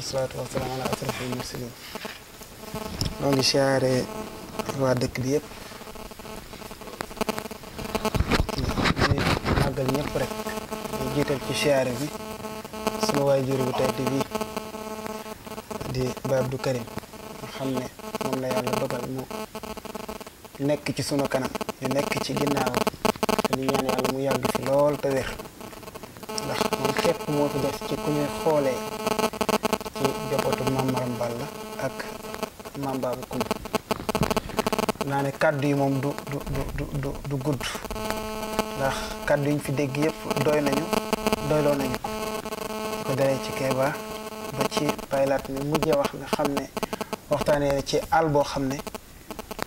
wasalaatu wasalaam ala asrafil mursalin moo ngi siyaare waa dëkk bi yëpp di màggal ñëpp rek ñu jiital ci siyaare bi sunu waay jur bu tedd bi di ba Abdou Karim ne moom la yàlla dogal mu nekk ci sunu kanam ñu nekk ci ginnaaw li ñaan yàlla mu yàgg fi lool te wér ndax moom képp moo fi def ci ku ñuy xoolee njabootu maam Maram Balla ak maam Baba Coumba naa ne kàddu yi moom du du du du du gudd ndax kàddu yi ñu fi dégg yëpp doy nañu doyloo nañu ko ko dalee ci Kéba ba ci baylaat mi mujjee wax nga xam ne waxtaanee ci àll boo xam ne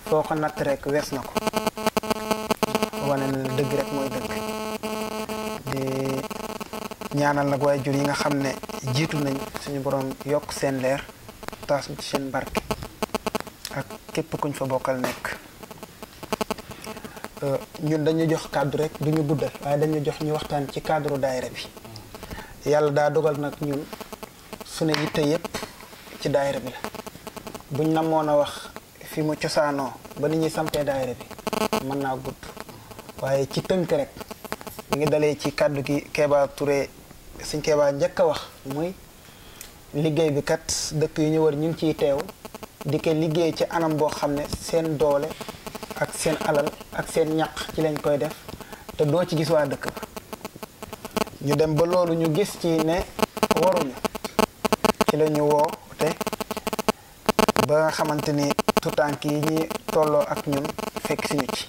foo ko natt rek wees na ko wane na dëgg rek mooy dëgg ñaanal nak way jur yi nga xamne jitu nañ suñu borom yok seen leer tass ci seen barke ak kep kuñ fa nek euh ñun dañu jox cadre rek duñu guddal waaye dañu jox ñu waxtaan ci cadre daaira bi yalla da dogal nak ñun suñu yitte yep ci daaira bi la buñ namoon wax fi mu ciosano ba ni ñi daaira bi man na gudd waye ci teunk rek ngi dalé ci gi Keba Touré Sëñ keba njëkk wax moy liggey bi kat dekk yi ñu wër ñu ci ciy teew liggey ci anam bo xam ne seen doole ak seen alal ak seen ñaq ci lañ koy def te do ci gis wa dekk ba ñu dem ba lolu ñu gis ci ne ñu ci la ñu woo te ba nga xamanteni ni yi ñi tollo ak ñun fekk si ñu ci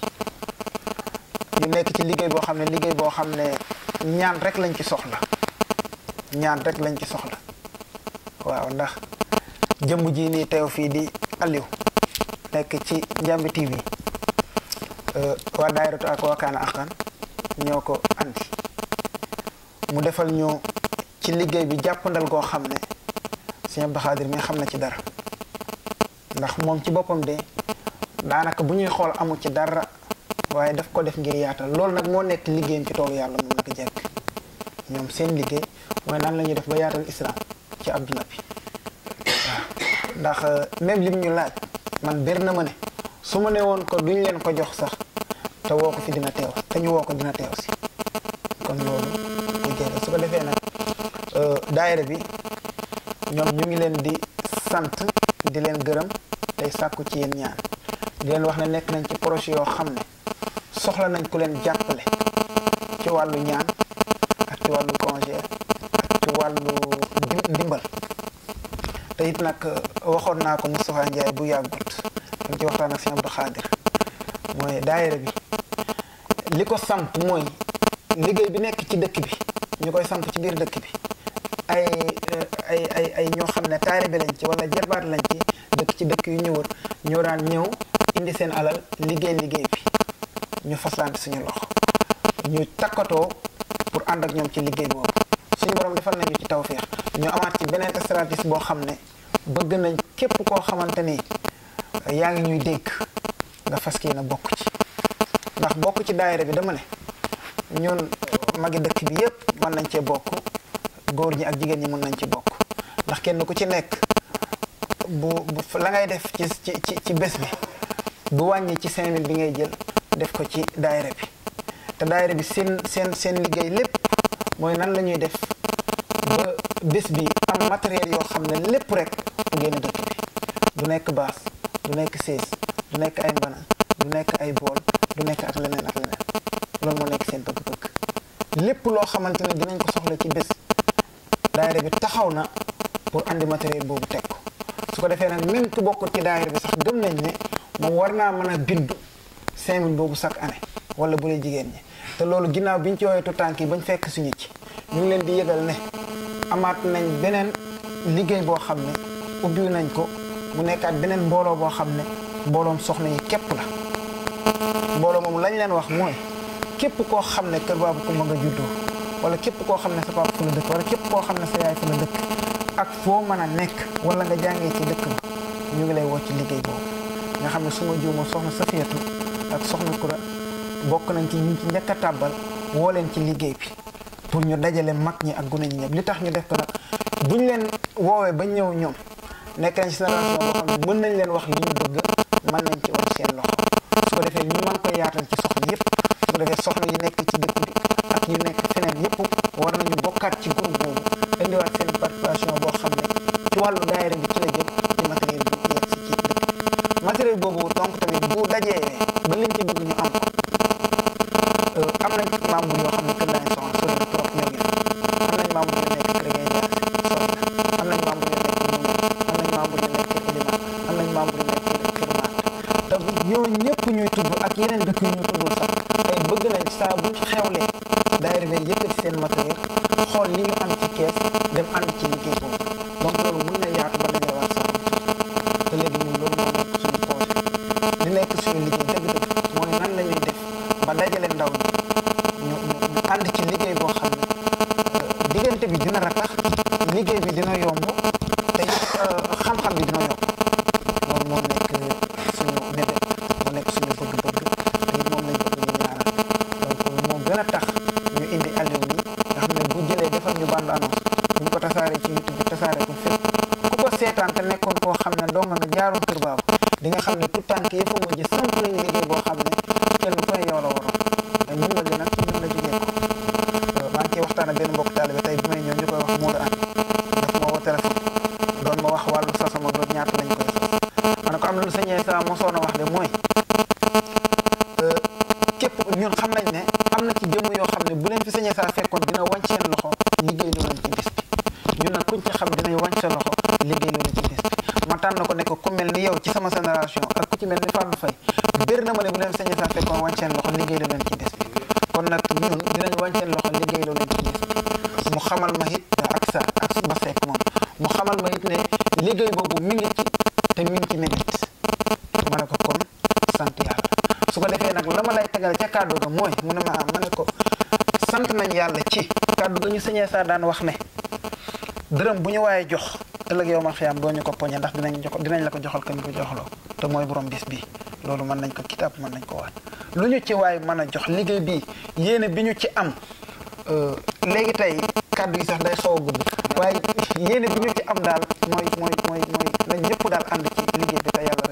ñu nekk ci liggey bo ne bo boo ñaan rek lañ ci soxla ñaan rekk lañ ci soxla waaw ndax jëmm ji nii teew fii di Aliou nekk ci Ndiamé TV euh, waa daayiratu ak waa Kaana ñoo ko andi mu defal ñu ci liggéey bi jàppandal goo xam ne sëñ Abdou Khadir mi xam na ci dara ndax moom ci boppam de daanaka bu ñuy xool amu ci dara waaye daf ko def ngir yaatal loolu nag moo nekk liggéeyam ci toolu yàlla moom nag jekk ñoom seen liggéey mooy nan la ñuy def ba yaatal islam ci adduna bi waaw ndax euh, même lim ñu laaj man ber na ma ne su ma ne woon ko ñu leen ko jox sax te woo ko fi dina teew te ñu woo ko dina teew si kon loolu liggéey la su ko defee nag euh, daayira bi ñoom ñu ngi leen di sant di leen gërëm tey sàkku ci yéen ñaan di leen wax ne nekk nañ ci projet yoo xam ne soxla nañ ku leen jàppale ci wàllu ñaan ci wàllu congé ak ci wàllu ndimbal te it nag euh, waxoon naa ko Moustapha Ndiaye bu yàggut dañ ci waxtaan ak Sëñ Abdou mooy daayira bi li ko samp mooy liggéey bi nekk ci dëkk bi ñu koy samp ci biir dëkk bi ay euh, ay ay ñoo xam ne taalibe lañ ci walla jarbaat lañ ci dëkk ci dëkk yu ñëwul ñoo daan ñëw indi seen alal liggéey liggéey bi ñu faslante suñu loxo ñu takkatoo pour ànd ak ñoom ci liggéey boobu suñu borom defal nañu ci tawféex ñu amaat ci beneen stratégie boo xam ne bëgg nañ képp koo xamante ni yaa ngi ñuy dégg nga fas yéene bokk ci ndax bokk ci daayira bi dama ne ñun magi dëkk bi yépp mën nañ cee bokk góor ñi ak jigéen ñi mën nañ ci bokk ndax kenn ku ci nekk bu bu la ngay def ci ci ci bés bi bu wàññi ci 5000 bi ngay jël def ko ci daayira bi te daayira bi seen seen seen liggéey lépp mooy nan la ñuy def ba bés bi am matériel yoo xam ne lépp rek ngeen dëkk bi du nekk baas du nekk sées du nekk ay mbana du nekk ay bool du nekk ak leneen ak leneen loolu moo nekk seen bëgg-bëgg lépp loo xamante ne dinañ ko soxla ci bés daayira bi taxaw na pour andi matériel boobu teg ko su ko defee nag même ku bokkut ci daayira bi sax gëm nañ ne moom war naa mën a bindu seen boobu chaque année wala bu dee jigéen ñi te loolu ginnaaw bi ñu ci woowee tànk yi bañ fekk suñu ci mu ngi leen di yëgal ne amaat nañ beneen liggéey boo xam ne ubbiw nañ ko mu nekkaat beneen mbooloo boo xam ne mbooloom soxna yi képp la mbooloo moom lañ leen wax mooy koo xam ne kër baabu ko ma nga juddoo wala képp koo xam ne sa papa fu la dëkk wala képp koo xam ne sa yaay fu la dëkk ak foo mën a nekk wala nga jàngee ci dëkk ñu ngi lay woo ci liggéey boobu nga xam ne suma ma juuma soxna Safiyatu ak soxna Kura bokk nañ ci ñu ci njëkk a tàbbal woo leen ci liggéey bi pour ñu dajale mag ñi ak gune ñi ñëpp li tax ñu def ko nag bu leen woowee ba ñëw ñoom nekk nañ génération boo xam ne nañ leen wax li ñu bëgg mën nañ ci wax seen loxo su ko defee ñu mën ko yaatal ci soxna yëpp su ko defee soxna yi nekk ci dëkk xool li nga am ci kees dem ànd ci liggéey boobu donc loolu mën na yaatu ba dajee waa saa te léegi ñun loolu moo nekk suñu projet li nekk suñu liggéey dëgg-dëgg mooy nan la ñuy def ba dajale ndaw ñi ñu ñu ànd ci liggéey boo xam ne euh, diggante bi dina ratax liggéey bi dina yomb xam nañ ne am na ci jëmm yoo xam ne bu leen fi sañee saa fekkoon dina wàññi seen loxo liggéey lu ci des bi ñu nag kuñ ci xam dinañ wàññi sa loxo liggéey lu leen ci des bi ma tànn ko ne ko ku mel ni yow ci sama génération ak ku ci mel ni Fallou Faye bér na ma ne bu leen fi sañee saa fekkoon wàññi seen loxo liggéey lu ci des bi kon nag ñun defee nag la ma lay tegal ca kàddu ga mooy mu ne ma ko sant nañ yàlla ci kàddu ga ñu sañee saa daan wax ne dërëm bu ñu waaye jox ëllëg yow ma xiyaam doo ñu ko poñe ndax dinañ jox dinañ la ko joxal ka ko joxloo te mooy borom bis bi loolu mën nañ ko kitaab mën nañ ko waat lu ñu ci waay mën jox liggéey bi yene bi ñu ci am euh, léegi tey kàddu yi sax day xaw a gudd waaye yéene bi ci am dal mooy mooy mooy mooy lañ ñëpp daal ànd ci liggéey bi te yàlla